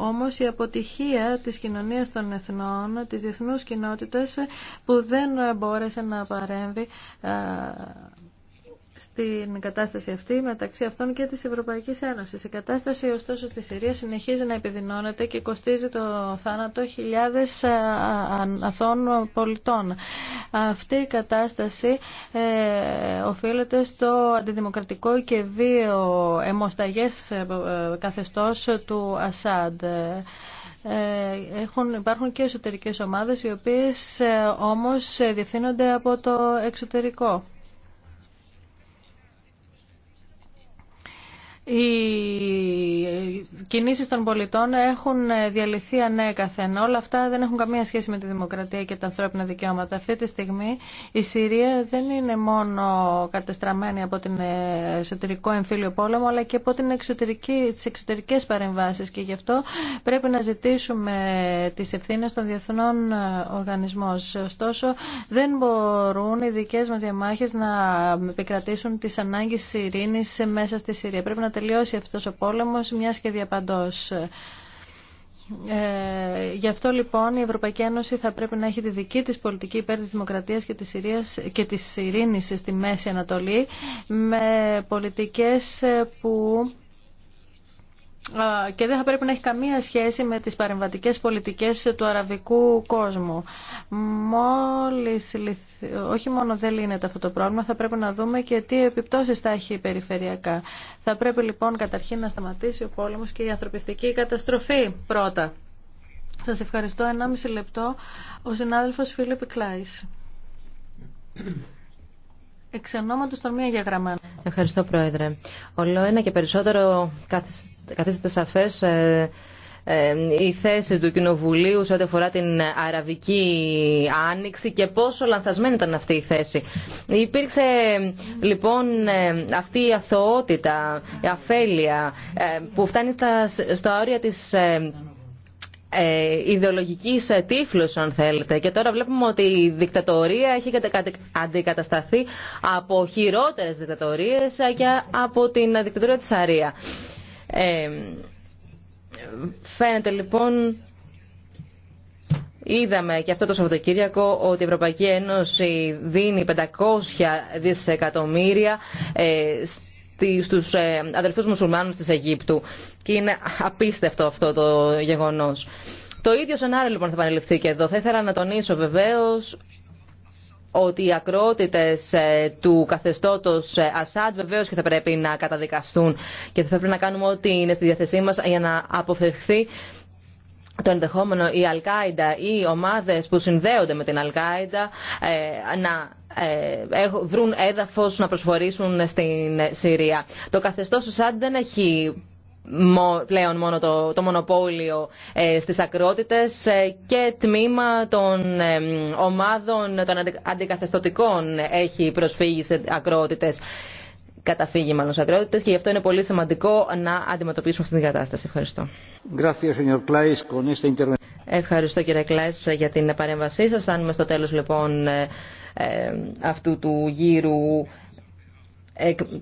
όμως η αποτυχία της κοινωνίας των εθνών, της διεθνούς κοινότητας που δεν μπόρεσε να παρέμβει στην κατάσταση αυτή μεταξύ αυτών και της Ευρωπαϊκής Ένωσης. Η κατάσταση ωστόσο στη Συρία συνεχίζει να επιδεινώνεται και κοστίζει το θάνατο χιλιάδες ε, αθών πολιτών. Αυτή η κατάσταση ε, οφείλεται στο αντιδημοκρατικό και βίο αιμοσταγές ε, καθεστώς του Ασάντ έχουν, υπάρχουν και εσωτερικές ομάδες οι οποίες όμως διευθύνονται από το εξωτερικό. οι κινήσεις των πολιτών έχουν διαλυθεί ανέκαθεν. Όλα αυτά δεν έχουν καμία σχέση με τη δημοκρατία και τα ανθρώπινα δικαιώματα. Αυτή τη στιγμή η Συρία δεν είναι μόνο κατεστραμμένη από την εσωτερικό εμφύλιο πόλεμο, αλλά και από την εξωτερική, τις εξωτερικές παρεμβάσεις και γι' αυτό πρέπει να ζητήσουμε τις ευθύνες των διεθνών οργανισμών. Ωστόσο, δεν μπορούν οι δικές μας διαμάχες να επικρατήσουν τις ανάγκες ειρήνης μέσα στη Συρία. Πρέπει τελειώσει αυτός ο πόλεμος μια και διαπαντός. Ε, γι' αυτό λοιπόν η Ευρωπαϊκή Ένωση θα πρέπει να έχει τη δική της πολιτική υπέρ της δημοκρατίας και της, Συρίας, και της ειρήνης στη Μέση Ανατολή με πολιτικές που και δεν θα πρέπει να έχει καμία σχέση με τις παρεμβατικές πολιτικές του αραβικού κόσμου. Μόλις, όχι μόνο δεν λύνεται αυτό το πρόβλημα, θα πρέπει να δούμε και τι επιπτώσεις θα έχει περιφερειακά. Θα πρέπει λοιπόν καταρχήν να σταματήσει ο πόλεμος και η ανθρωπιστική καταστροφή πρώτα. Σας ευχαριστώ. 1,5 λεπτό. Ο συνάδελφος Φίλιπ Κλάης. Εξ ονόματος των μία γεγραμμένα. Ευχαριστώ Πρόεδρε. Όλο ένα και περισσότερο καθίσταται ε, ε, η θέση του Κοινοβουλίου σε ό,τι αφορά την Αραβική Άνοιξη και πόσο λανθασμένη ήταν αυτή η θέση. Υπήρξε λοιπόν ε, αυτή η αθωότητα, η αφέλεια ε, που φτάνει στα, στα όρια της ε, ιδεολογικής ε, αν θέλετε και τώρα βλέπουμε ότι η δικτατορία έχει αντικατασταθεί από χειρότερες δικτατορίες ε, και από την δικτατορία της Σαρία. Ε, φαίνεται λοιπόν Είδαμε και αυτό το Σαββατοκύριακο ότι η Ευρωπαϊκή Ένωση δίνει 500 δισεκατομμύρια ε, στους ε, αδελφού μουσουλμάνους της Αιγύπτου και είναι απίστευτο αυτό το γεγονός. Το ίδιο σενάριο λοιπόν θα επανεληφθεί και εδώ. Θα ήθελα να τονίσω βεβαίω ότι οι ακρότητες ε, του καθεστώτος ε, Ασάντ βεβαίω και θα πρέπει να καταδικαστούν και θα πρέπει να κάνουμε ό,τι είναι στη διαθεσή μα για να αποφευχθεί το ενδεχόμενο η Αλκάιντα ή ομάδες που συνδέονται με την Αλκάιντα να ε, βρουν έδαφος να προσφορήσουν στην Συρία. Το καθεστώς του δεν έχει πλέον μόνο το, το μονοπόλιο ε, στις ακρότητες ε, και τμήμα των ε, ομάδων των αντικαθεστωτικών έχει προσφύγει σε ακρότητες καταφύγει μάλλον σε ακρότητες και γι' αυτό είναι πολύ σημαντικό να αντιμετωπίσουμε αυτήν την κατάσταση. Ευχαριστώ. Ευχαριστώ κύριε Κλάις για την παρέμβασή σας. Φτάνουμε στο τέλος λοιπόν ε, αυτού του γύρου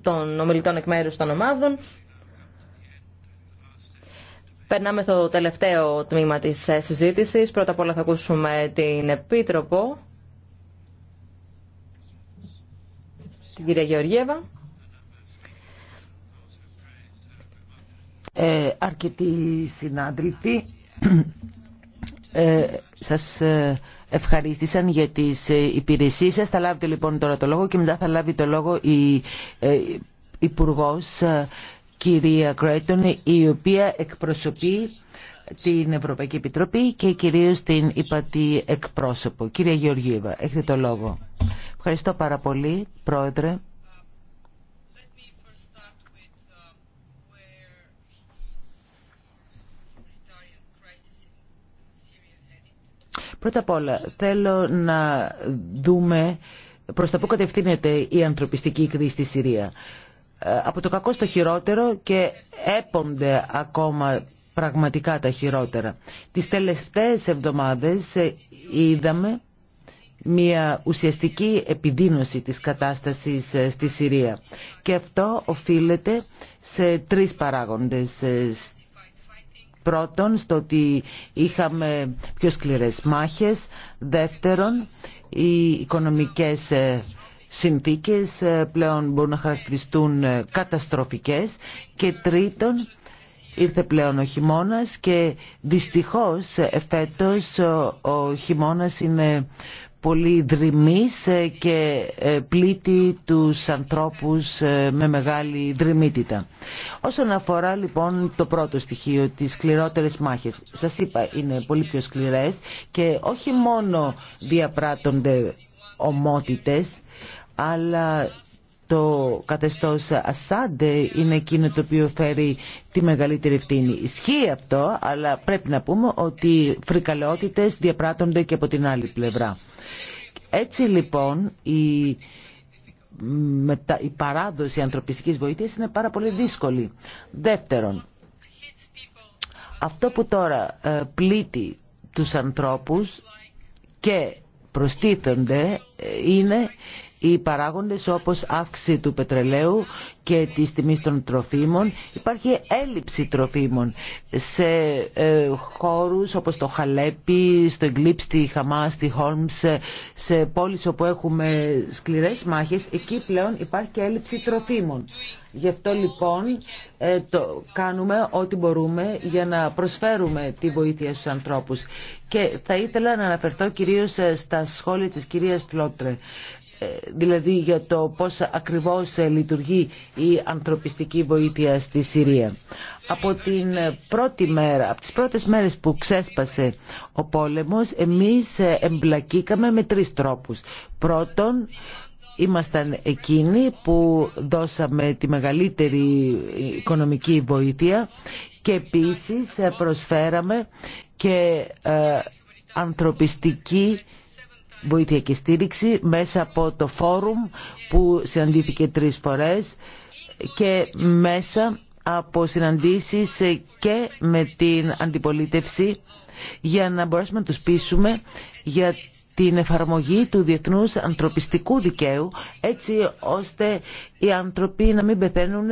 των ομιλητών εκ μέρου των ομάδων. Περνάμε στο τελευταίο τμήμα της ε, συζήτησης. Πρώτα απ' όλα θα ακούσουμε την Επίτροπο, την κυρία Γεωργίεβα. Ε, αρκετοί συνάδελφοι ε, σας ε, ευχαρίστησαν για τις ε, υπηρεσίες σας. Θα λάβετε λοιπόν τώρα το λόγο και μετά θα λάβει το λόγο η ε, Υπουργός ε, κυρία Κρέτον η οποία εκπροσωπεί την Ευρωπαϊκή Επιτροπή και κυρίως την υπατή εκπρόσωπο. Κυρία Γεωργίευα, έχετε το λόγο. Ευχαριστώ πάρα πολύ, Πρόεδρε. Πρώτα απ' όλα θέλω να δούμε προς τα που κατευθύνεται η ανθρωπιστική κρίση στη Συρία. Ε, από το κακό στο χειρότερο και έπονται ακόμα πραγματικά τα χειρότερα. Τις τελευταίες εβδομάδες ε, είδαμε μια ουσιαστική επιδείνωση της κατάστασης ε, στη Συρία. Και αυτό οφείλεται σε τρεις παράγοντες Πρώτον, στο ότι είχαμε πιο σκληρές μάχες. Δεύτερον, οι οικονομικές ε, συνθήκες ε, πλέον μπορούν να χαρακτηριστούν ε, καταστροφικές. Και τρίτον, ήρθε πλέον ο χειμώνας και δυστυχώς εφέτος ο χειμώνας είναι πολύ δρυμής ε, και ε, πλήττει τους ανθρώπους ε, με μεγάλη δρυμύτητα. Όσον αφορά λοιπόν το πρώτο στοιχείο, τις σκληρότερες μάχες, σας είπα είναι πολύ πιο σκληρές και όχι μόνο διαπράττονται ομότητες, αλλά το καθεστώς ασάντε είναι εκείνο το οποίο φέρει τη μεγαλύτερη ευθύνη. Ισχύει αυτό, αλλά πρέπει να πούμε ότι φρικαλαιότητες διαπράττονται και από την άλλη πλευρά. Έτσι λοιπόν η, η παράδοση ανθρωπιστικής βοήθειας είναι πάρα πολύ δύσκολη. Δεύτερον, αυτό που τώρα ε, πλήττει τους ανθρώπους και προστίθενται ε, είναι οι παράγοντες όπως αύξηση του πετρελαίου και τη τιμή των τροφίμων. Υπάρχει έλλειψη τροφίμων σε ε, χώρους όπως το Χαλέπι, στο Εγκλίπ, στη Χαμά, στη Χόλμς, σε, πόλεις όπου έχουμε σκληρές μάχες, εκεί πλέον υπάρχει και έλλειψη τροφίμων. Γι' αυτό λοιπόν ε, το κάνουμε ό,τι μπορούμε για να προσφέρουμε τη βοήθεια στους ανθρώπους. Και θα ήθελα να αναφερθώ κυρίως ε, στα σχόλια της κυρίας Πλότρε. Ε, δηλαδή για το πώς ακριβώς ε, λειτουργεί η ανθρωπιστική βοήθεια στη Συρία. Από την ε, πρώτη μέρα, από τις πρώτες μέρες που ξέσπασε ο πόλεμος, εμείς εμπλακήκαμε με τρεις τρόπους. Πρώτον, ήμασταν εκείνοι που δώσαμε τη μεγαλύτερη οικονομική βοήθεια και επίσης προσφέραμε και ανθρωπιστική βοήθεια και στήριξη μέσα από το φόρουμ που συναντήθηκε τρεις φορές και μέσα από συναντήσεις και με την αντιπολίτευση για να μπορέσουμε να τους πείσουμε για την εφαρμογή του διεθνούς ανθρωπιστικού δικαίου έτσι ώστε οι άνθρωποι να μην πεθαίνουν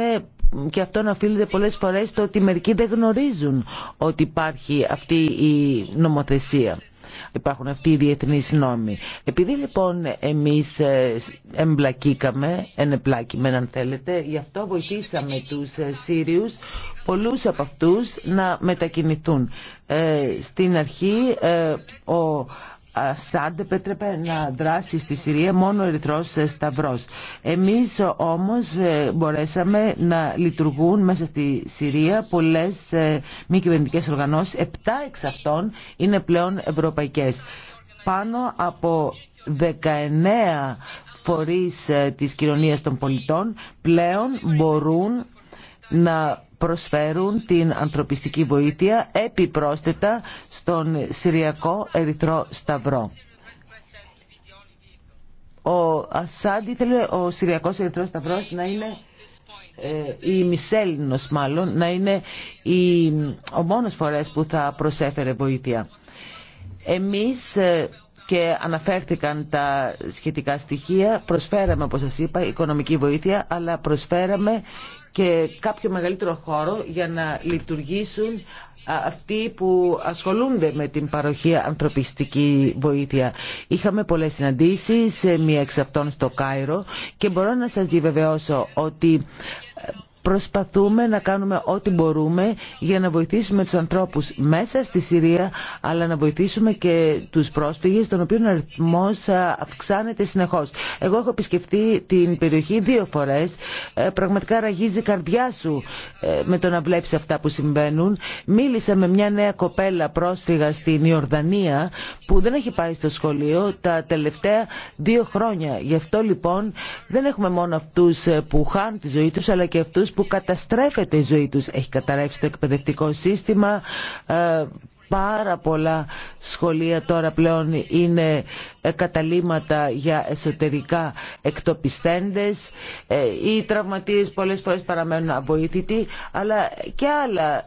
και αυτό να οφείλεται πολλές φορές στο ότι μερικοί δεν γνωρίζουν ότι υπάρχει αυτή η νομοθεσία υπάρχουν αυτοί οι διεθνείς νόμοι. Επειδή λοιπόν εμείς ε, εμπλακήκαμε, ενεπλάκημε αν θέλετε, γι' αυτό βοηθήσαμε τους ε, Σύριους πολλούς από αυτούς να μετακινηθούν. Ε, στην αρχή ο Ασάντ επέτρεπε να δράσει στη Συρία μόνο ο Ερυθρός Σταυρός. Εμείς όμως ε, μπορέσαμε να λειτουργούν μέσα στη Συρία πολλές ε, μη κυβερνητικέ οργανώσεις. Επτά εξ αυτών είναι πλέον ευρωπαϊκές. Πάνω από 19 φορείς ε, της κοινωνίας των πολιτών πλέον μπορούν να προσφέρουν την ανθρωπιστική βοήθεια επιπρόσθετα στον Συριακό Ερυθρό Σταυρό. Ο Ασάντ ήθελε ο Συριακός Ερυθρός Σταυρός να είναι ε, η Μισέλινος μάλλον να είναι η, ο μόνος φορές που θα προσέφερε βοήθεια. Εμείς ε, και αναφέρθηκαν τα σχετικά στοιχεία. Προσφέραμε, όπως σας είπα, οικονομική βοήθεια, αλλά προσφέραμε και κάποιο μεγαλύτερο χώρο για να λειτουργήσουν αυτοί που ασχολούνται με την παροχή ανθρωπιστική βοήθεια. Είχαμε πολλές συναντήσεις, ε, μία εξ αυτών στο Κάιρο και μπορώ να σας διαβεβαιώσω ότι Προσπαθούμε να κάνουμε ό,τι μπορούμε για να βοηθήσουμε τους ανθρώπους μέσα στη Συρία, αλλά να βοηθήσουμε και τους πρόσφυγες, των οποίων αριθμό αυξάνεται συνεχώς. Εγώ έχω επισκεφτεί την περιοχή δύο φορές. Ε, πραγματικά ραγίζει η καρδιά σου ε, με το να βλέπεις αυτά που συμβαίνουν. Μίλησα με μια νέα κοπέλα πρόσφυγα στην Ιορδανία, που δεν έχει πάει στο σχολείο τα τελευταία δύο χρόνια. Γι' αυτό λοιπόν δεν έχουμε μόνο αυτούς που χάνουν τη ζωή τους, αλλά και αυτούς που καταστρέφεται η ζωή τους. Έχει καταρρεύσει το εκπαιδευτικό σύστημα, ε, πάρα πολλά σχολεία τώρα πλέον είναι ε, καταλήματα για εσωτερικά εκτοπιστέντες. Ε, οι τραυματίες πολλές φορές παραμένουν αβοήθητοι, αλλά και άλλα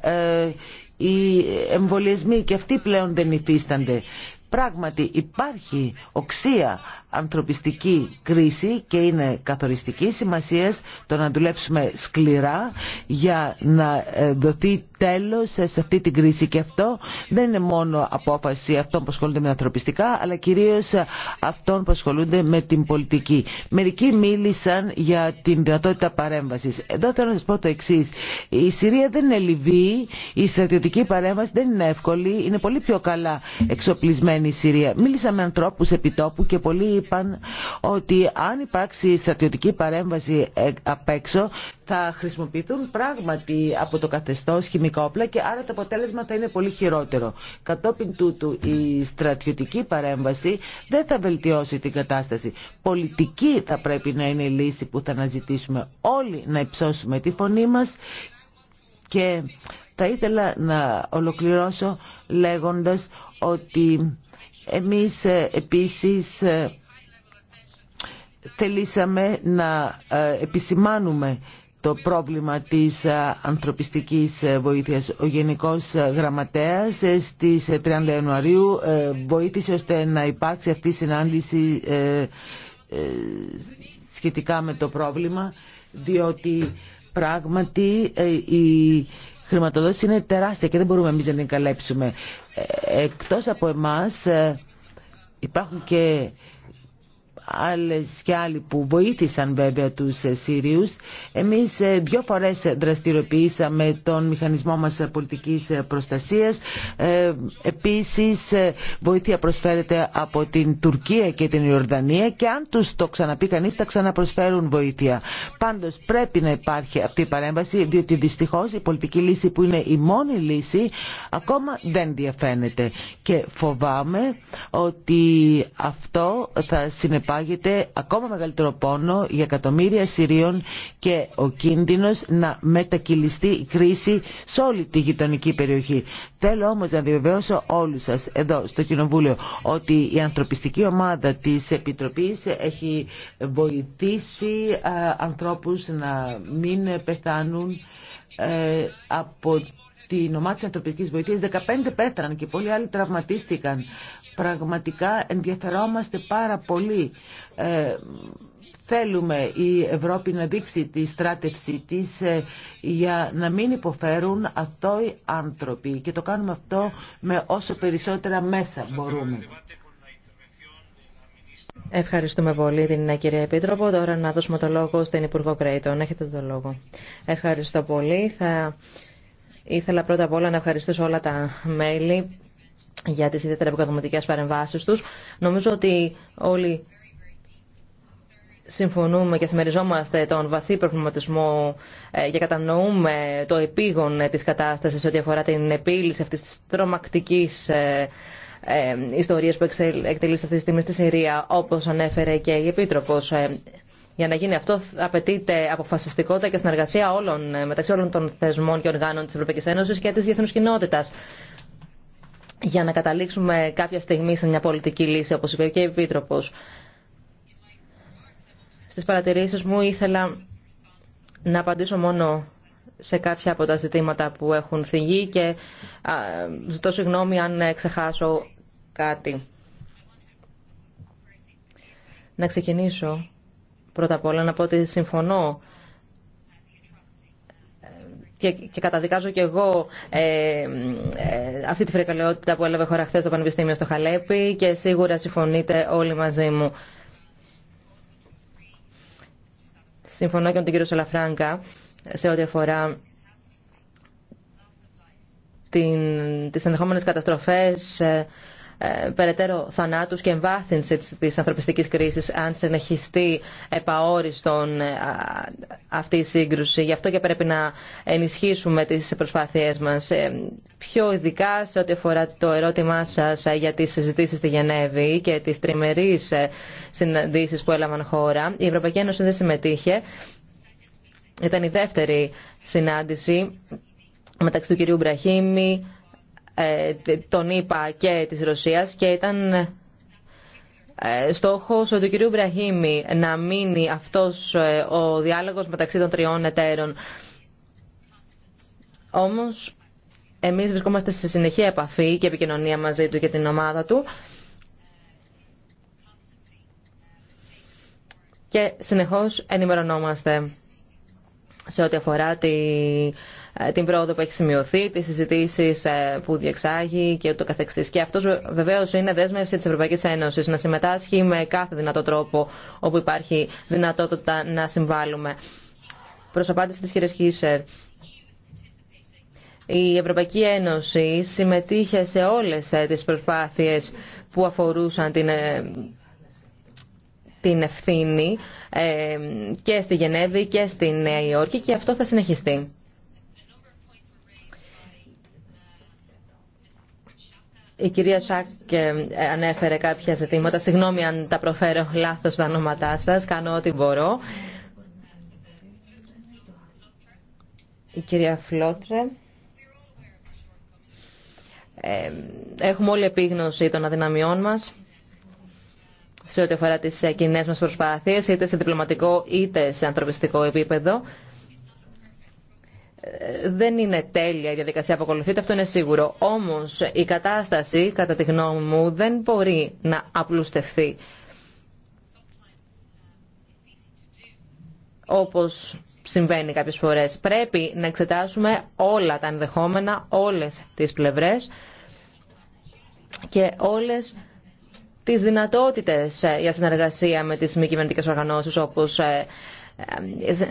οι εμβολιασμοί και αυτοί πλέον δεν υφίστανται. Πράγματι υπάρχει οξία ανθρωπιστική κρίση και είναι καθοριστική σημασία το να δουλέψουμε σκληρά για να ε, δοθεί τέλος σε αυτή την κρίση και αυτό δεν είναι μόνο απόφαση αυτών που ασχολούνται με ανθρωπιστικά αλλά κυρίως αυτών που ασχολούνται με την πολιτική. Μερικοί μίλησαν για την δυνατότητα παρέμβασης. Εδώ θέλω να σας πω το εξή. Η Συρία δεν είναι Λιβύη, η στρατιωτική παρέμβαση δεν είναι εύκολη, είναι πολύ πιο καλά εξοπλισμένη διχασμένη Συρία. Μίλησα με ανθρώπους επιτόπου και πολλοί είπαν ότι αν υπάρξει στρατιωτική παρέμβαση ε, απ' έξω θα χρησιμοποιηθούν πράγματι από το καθεστώς χημικά όπλα και άρα το αποτέλεσμα θα είναι πολύ χειρότερο. Κατόπιν τούτου η στρατιωτική παρέμβαση δεν θα βελτιώσει την κατάσταση. Πολιτική θα πρέπει να είναι η λύση που θα αναζητήσουμε όλοι να υψώσουμε τη φωνή μας και θα ήθελα να ολοκληρώσω λέγοντας ότι εμείς ε, επίσης ε, θελήσαμε να ε, επισημάνουμε το πρόβλημα της ανθρωπιστικής βοήθειας. Ο Γενικός Γραμματέας στις 30 Ιανουαρίου βοήθησε ώστε να υπάρξει αυτή η συνάντηση σχετικά με το πρόβλημα διότι πράγματι η χρηματοδότηση είναι τεράστια και δεν μπορούμε εμείς να την καλέψουμε. Ε, εκτός από εμάς ε, υπάρχουν και άλλες και άλλοι που βοήθησαν βέβαια τους ε, Σύριους. Εμείς ε, δύο φορές δραστηριοποιήσαμε τον μηχανισμό μας ε, πολιτικής προστασίας. Επίσης βοήθεια προσφέρεται από την Τουρκία και την Ιορδανία και αν τους το ξαναπεί κανείς θα ξαναπροσφέρουν βοήθεια. Πάντως πρέπει να υπάρχει αυτή η παρέμβαση διότι δυστυχώς η πολιτική λύση που είναι η μόνη λύση ακόμα δεν διαφαίνεται. Και φοβάμαι ότι αυτό θα συνεπάρξει ακόμα μεγαλύτερο πόνο για εκατομμύρια Συρίων και ο κίνδυνος να μετακυλιστεί η κρίση σε όλη τη γειτονική περιοχή. Θέλω όμως να διαβεβαιώσω όλους σας εδώ στο Κοινοβούλιο ότι η ανθρωπιστική ομάδα της Επιτροπής έχει βοηθήσει ανθρώπους να μην πεθάνουν ε, από την ομάδα της ανθρωπιστικής βοήθειας 15 πέτραν και πολλοί άλλοι τραυματίστηκαν Πραγματικά ενδιαφερόμαστε πάρα πολύ. Ε, θέλουμε η Ευρώπη να δείξει τη στράτευση της ε, για να μην υποφέρουν αυτό οι άνθρωποι και το κάνουμε αυτό με όσο περισσότερα μέσα μπορούμε. Ευχαριστούμε πολύ την κυρία Επίτροπο. Τώρα να δώσουμε το λόγο στην Υπουργό Κρέιτον. Έχετε το λόγο. Ευχαριστώ πολύ. Θα... Ήθελα πρώτα απ' όλα να ευχαριστήσω όλα τα μέλη για τις ιδιαίτερα επικοδομητικές παρεμβάσεις τους. Νομίζω ότι όλοι συμφωνούμε και συμμεριζόμαστε τον βαθύ προβληματισμό ε, και κατανοούμε το επίγον της κατάστασης ό,τι αφορά την επίλυση αυτής της τρομακτικής ε, ε, ιστορίας που εκτελείται αυτή τη στιγμή στη Συρία, όπως ανέφερε και η Επίτροπος. Για να γίνει αυτό απαιτείται αποφασιστικότητα και συνεργασία όλων, μεταξύ όλων των θεσμών και οργάνων της Ευρωπαϊκής Ένωσης και της διεθνούς κοινότητας για να καταλήξουμε κάποια στιγμή σε μια πολιτική λύση, όπως είπε και η Επίτροπος. Στις παρατηρήσεις μου ήθελα να απαντήσω μόνο σε κάποια από τα ζητήματα που έχουν θυγεί και ζητώ συγγνώμη αν ξεχάσω κάτι. Να ξεκινήσω πρώτα απ' όλα να πω ότι συμφωνώ και, καταδικάζω και εγώ ε, ε, αυτή τη φρικαλαιότητα που έλαβε χώρα χθε το Πανεπιστήμιο στο Χαλέπι και σίγουρα συμφωνείτε όλοι μαζί μου. Συμφωνώ και με τον κύριο Σαλαφράγκα σε ό,τι αφορά την, τις ενδεχόμενες καταστροφές ε, ε, περαιτέρω θανάτους και εμβάθυνση της ανθρωπιστικής κρίσης αν συνεχιστεί επαόριστον ε, αυτή η σύγκρουση. Γι' αυτό και πρέπει να ενισχύσουμε τις προσπάθειές μας. Ε, πιο ειδικά σε ό,τι αφορά το ερώτημά σας για τις συζητήσεις στη Γενέβη και τις τριμερείς συναντήσεις που έλαβαν χώρα, η Ευρωπαϊκή Ένωση δεν συμμετείχε. Ήταν η δεύτερη συνάντηση μεταξύ του κυρίου Μπραχήμι ε, τον ΗΠΑ και της Ρωσίας και ήταν ε, στόχος του κυρίου Μπραχήμη να μείνει αυτός ε, ο διάλογος μεταξύ των τριών εταίρων. Όμως εμείς βρισκόμαστε σε συνεχή επαφή και επικοινωνία μαζί του και την ομάδα του και συνεχώς ενημερωνόμαστε σε ό,τι αφορά τη ε, την πρόοδο που έχει σημειωθεί, τις συζητήσεις ε, που διεξάγει και ούτω καθεξής. Και αυτό βεβαίω είναι δέσμευση της Ευρωπαϊκής Ένωσης να συμμετάσχει με κάθε δυνατό τρόπο όπου υπάρχει δυνατότητα να συμβάλλουμε. Προς απάντηση της κυρία Χίσερ. Η Ευρωπαϊκή Ένωση συμμετείχε σε όλες ε, τις προσπάθειες που αφορούσαν την την ευθύνη και στη Γενέβη και στη Νέα Υόρκη και αυτό θα συνεχιστεί. Η κυρία Σάκ ε, ανέφερε κάποια ζητήματα. Συγγνώμη αν τα προφέρω λάθος τα ονόματά σας. Κάνω ό,τι μπορώ. Η κυρία Φλότρε. Ε, έχουμε όλη επίγνωση των αδυναμιών μας σε ό,τι αφορά τις ε, κοινέ μας προσπάθειες, είτε σε διπλωματικό είτε σε ανθρωπιστικό επίπεδο δεν είναι τέλεια η διαδικασία που ακολουθείται, αυτό είναι σίγουρο. Όμως η κατάσταση, κατά τη γνώμη μου, δεν μπορεί να απλουστευτεί. Όπως συμβαίνει κάποιες φορές. Πρέπει να εξετάσουμε όλα τα ενδεχόμενα, όλες τις πλευρές και όλες τις δυνατότητες ε, για συνεργασία με τις μη κυβερνητικέ οργανώσεις όπως ε, ε,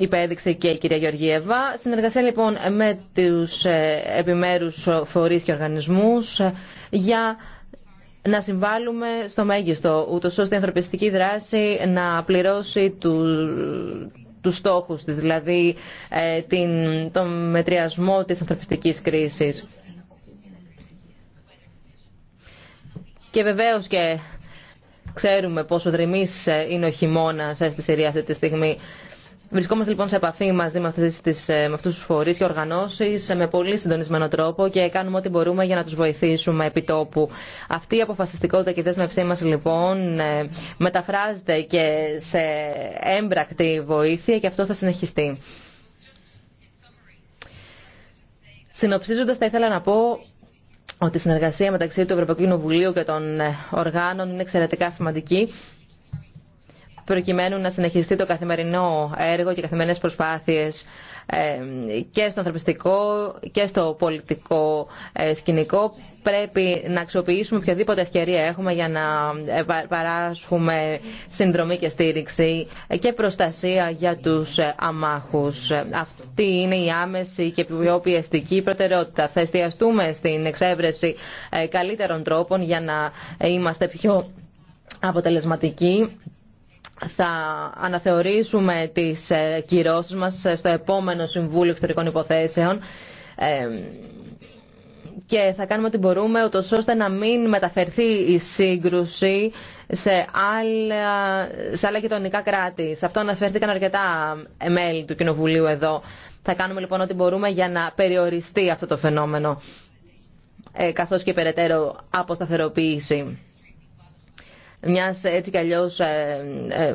υπέδειξε και η κυρία Γεωργίευα. Συνεργασία λοιπόν με τους ε, επιμέρους φορείς και οργανισμούς ε, για να συμβάλλουμε στο μέγιστο, ούτως ώστε η ανθρωπιστική δράση να πληρώσει του, τους στόχους της, δηλαδή την, τον μετριασμό της ανθρωπιστικής κρίσης. Και βεβαίως και Ξέρουμε πόσο δρυμή ε, είναι ο χειμώνα ε, στη Συρία αυτή τη στιγμή. Βρισκόμαστε λοιπόν σε επαφή μαζί με, ε, με αυτούς τους φορείς και οργανώσεις με πολύ συντονισμένο τρόπο και κάνουμε ό,τι μπορούμε για να τους βοηθήσουμε επί τόπου. Αυτή η αποφασιστικότητα και η δέσμευσή μα λοιπόν μεταφράζεται και σε έμπρακτη βοήθεια και αυτό θα συνεχιστεί. Συνοψίζοντα θα ήθελα να πω ότι η συνεργασία μεταξύ του Ευρωπαϊκού Κοινοβουλίου και των ε, οργάνων είναι εξαιρετικά σημαντική προκειμένου να συνεχιστεί το καθημερινό έργο και οι καθημερινές προσπάθειες ε, και στο ανθρωπιστικό και στο πολιτικό ε, σκηνικό. Πρέπει να αξιοποιήσουμε οποιαδήποτε ευκαιρία έχουμε για να ε, παράσχουμε συνδρομή και στήριξη και προστασία για τους αμάχους. Αυτή είναι η άμεση και πιο πιεστική προτεραιότητα. Θα εστιαστούμε στην εξέβρεση καλύτερων τρόπων για να είμαστε πιο αποτελεσματικοί θα αναθεωρήσουμε τις ε, κυρώσεις μας ε, στο επόμενο Συμβούλιο Εξωτερικών Υποθέσεων ε, και θα κάνουμε ό,τι μπορούμε ούτως ώστε να μην μεταφερθεί η σύγκρουση σε άλλα, σε άλλα γειτονικά κράτη. Σε αυτό αναφέρθηκαν αρκετά μέλη του Κοινοβουλίου εδώ. Θα κάνουμε λοιπόν ό,τι μπορούμε για να περιοριστεί αυτό το φαινόμενο καθώς και περαιτέρω αποσταθεροποίηση μιας έτσι κι αλλιώς ε, ε,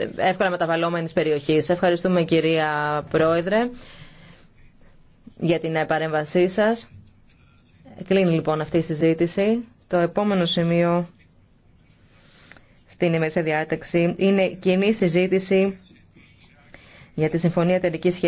ε, εύκολα μεταβαλλόμενης περιοχής. Ευχαριστούμε κυρία Πρόεδρε για την παρέμβασή σας. Κλείνει λοιπόν αυτή η συζήτηση. Το επόμενο σημείο στην ημερήσια διάταξη είναι κοινή συζήτηση για τη Συμφωνία Τελικής Σχέσης